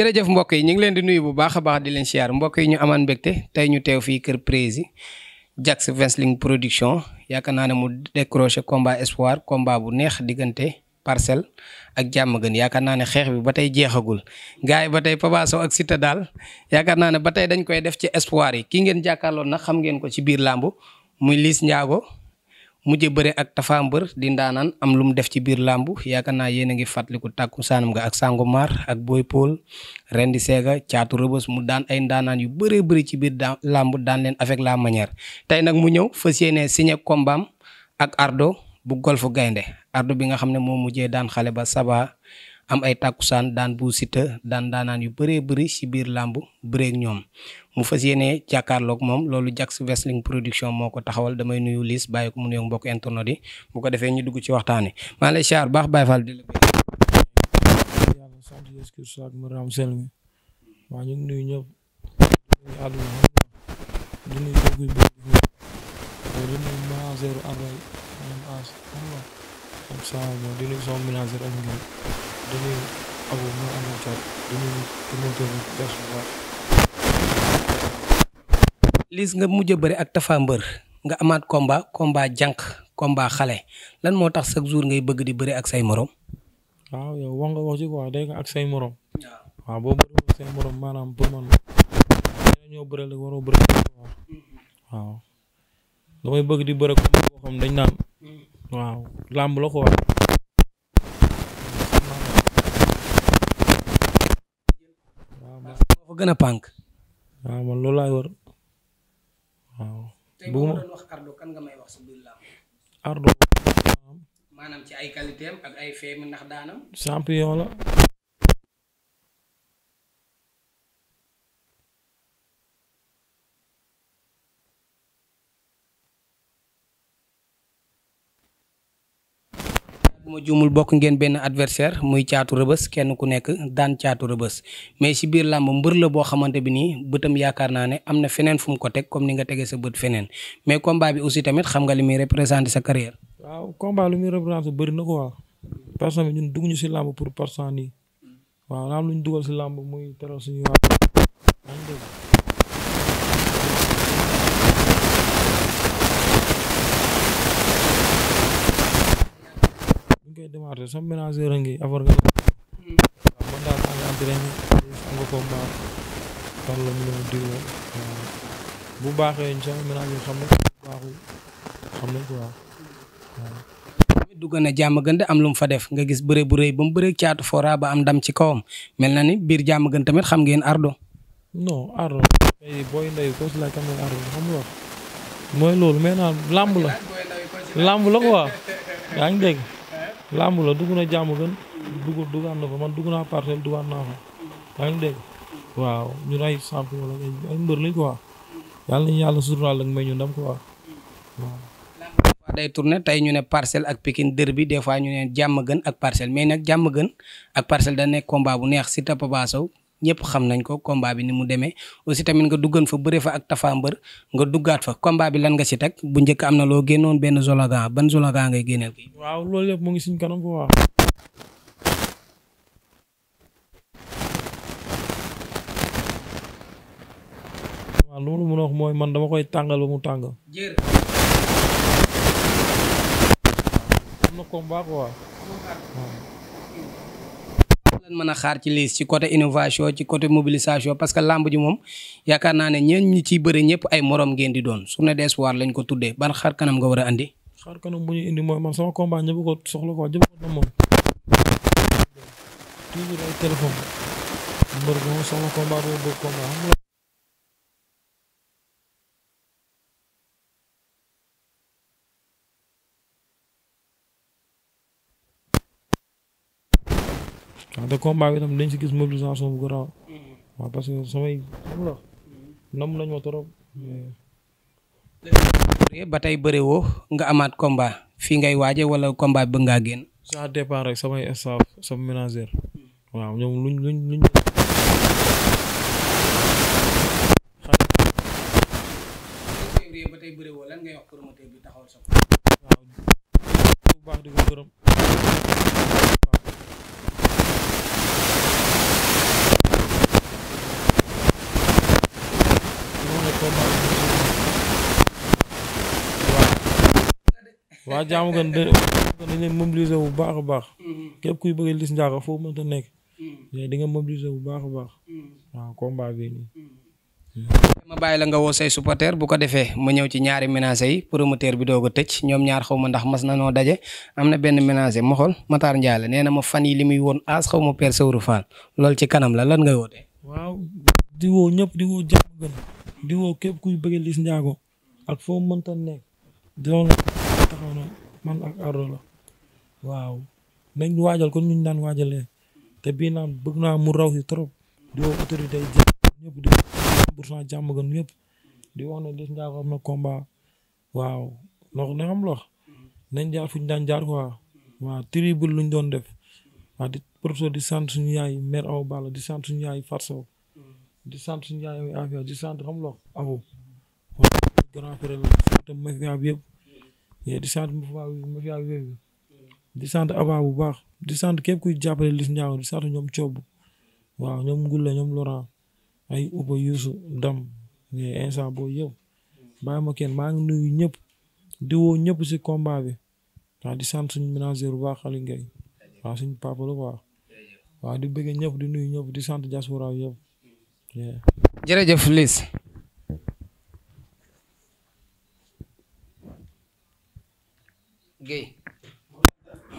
jërëjëf mbokk yi ñu ngi leen di nuyu bu baax a baax di leen siyaar mbokk yi ñu amaan mbégte tey ñu teew fii kër Prési Jax Wrestling production yaakaar naa ne mu décroché combat espoir combat bu neex diggante parcelle ak jàmm gën yaakaar naa ne xeex bi ba tey jeexagul. gars ba tey Papa ak Siteu daal yaakaar naa ne ba tey dañ koy def ci espoir yi ki ngeen jàkkaarloon nag xam ngeen ko ci biir làmb muy liis Ndiago mujje bëre ak Tapha di ndaanaan am lu mu def ci biir làmb yaakaar naa yéen a ngi fàttaliku tàkku saanam nga ak Sangomar ak Boy Paul Rendi Sega caatu rëbës mu daan ay ndaanaan yu bëree bëri ci biir da làmb daan leen avec la manière tey nag mu ñëw fës yéene signé kombaam ak Ardo bu Golf Gaynde Ardo bi nga xam ne moo mujjee daan xale ba Saba am ay tàkkusaan daan bu site daan daanaan yu bëree bëri si biir làmb bëreeg ñoom mu fas yéene jàkkaarloog moom loolu Jax Wrestling production moo ko taxawal damay nuyu liis bàyyi ko mu nuyoog mbokk internet ñu dugg ci waxtaan wi maa ngi lay siyaar baax Baye Fall di la waa ñu ngi nuyu ñëpp di nuyu kooku bi di nuyu ménagère arbay ñoom as liis nga mujj a bëri ak Tapha Mbeur nga amaat komba combat jànq combat xale lan moo tax chaque jour ngay bëgg di bëri ak say morom. waaw yow wax nga wax ci quoi day nga ak say morom. waaw boo bëri ak say morom waaw damay bëgg di bëri ak boo dañ naan mm-hmm. waaw làmb la quoi. ko gën a pànk. waaw ah, man loolu laay wër waaw. bu wax Ardo kan nga may wax si biir làmb. Ardo. maanaam ci ay qualité am ak ay feem ndax daanam. champion la bu ma bokk ngeen benn adversaire muy caatu rëbës kenn ku nekk daan caatu rëbës mais si biir làmb mbër la boo xamante bi nii bëtam yaakaar naa ne am na feneen fu mu ko teg comme ni nga tegee sa bët feneen mais combat bi aussi tamit xam nga li muy représenté sa carrière. waaw combat lu muy représenté bëri na ko waaw. parce que ñun dugg ñu si làmb pour par cent nii waaw naam lu ñu dugal si làmb muy teral suñu waa. démarrer bu baaxee sama ménageur na jàmm gën am lu fa def nga gis bëre bu rëy ba mu bëree caatu fora am ndam ci kawam mel na ni biir jàmm gën tamit xam ngeen ardo. non ardo booy ndeyu ko si laaj xam ngeen ardo mooy loolu mais làmb la làmb la quoi yaa ngi dégg làmb la dugg na jàmm gën dugg duggaan na fa man dugg naa parcelle duggaan naa fa yaa ngi dégg waaw ñun ay champion la ñu ndam quoi waaw. day tey ñu ne parcelle ak Pikine derby des fois ñu ne jàmm gën ak parcelle mais nag jàmm gën ak parcelle da nekk combat bu neex Siteu Papa Sow ñépp xam nañ ko combat bi ni mu demee aussi tamit nga duggan fa bëre fa ak Tapha Mbeur nga duggaat fa combat bi lan nga si teg bu njëkk am na benn slogan ban slogan ngay génneel waaw loolu yëpp ngi suñ kanam ko waaw. waaw mooy man dama koy tàngal ba mu tàng. jër. mën a xaar ci liis ci côté innovation ci côté mobilisation parce que làmb ji moom yaakaar naa ne ñeen ñi ciy bëre ñëpp ay morom ngeen di doon journée d'espoir lañ ko tuddee ban xaar kanam nga war a xaar kanam bu ñu indi mooy man sama combat ñëpp ko soxla ko jëm ko na moom. toujours boobu combat waaw te combat bi tam dañ si gis mobilisation bu garaaw. Mm-hmm. waaw parce samay mm-hmm. nam nañ ma trop. Mm-hmm. ba tey bëre nga amaat combat fii ngay waaje wala combat bëgg ngaa génn. ça dépend rek samay staff sama ménagère. waaw ñoom luñ luñ luñ. ba tey bëre woo ngay wax promoteur bi taxawal sa. waaw bu baax di ko gërëm. waa jaamu gën dañ leen mobiliser bu baax a baax. Mm-hmm. képp kuy bëgg Liss Ndiago foo mën a nekk. Mm-hmm. di nga mobiliser bu baax a baax. Mm-hmm. waaw combat bi nii. bàyyi la nga woo say supporter bu ko defee ma ñëw ci ñaari ménager yi promoteur bi doog a tëj ñoom ñaar xaw ma ndax mas na daje am na benn ménager ma xool nee na ma fan yi li muy woon aas xaw ma Père Sowru Fall loolu ci kanam la lan ngay wootee. waaw di woo ñëpp di woo jàmm gën di woo képp kuy bëgg Liss Ndiago ak foo mënta nekk man ak Ardo la waaw nañ waajal kon ñu daan waajalee te bii naan bëgg naa mu raw si trop di woo autorité yi ñëpp di pour cent jàmm wax ne Liss Ndiago na combat waaw ndox na xam lox nañ jaar fu ñu daan jaar quoi waaw tribul luñ doon def waaw di professeur di sant suñu yaay mère Awa Balla di sant suñu yaay Farsow di sant suñu yaay Afia di sant xam lox awu grand frère la sant mafia bi yëpp di sant Moussa Moussa Gueye di sant Aba bu baax di sant képp kuy jàppale lis Ndiago di sant ñoom Cobb waaw ñoom Ngulle ñoom Laurent ay Uba Youssou Dam instant boo yëpp bàyyi ma kenn maa ngi nuyu ñëpp di woo ñëpp si combat bi waaw di sant suñu ménager bu baax Aliou Ngaye waaw suñ papa la waaw di bëgg ñëpp di nuyu ñëpp di sant diaspora yëpp. jërëjëf Liss Guèye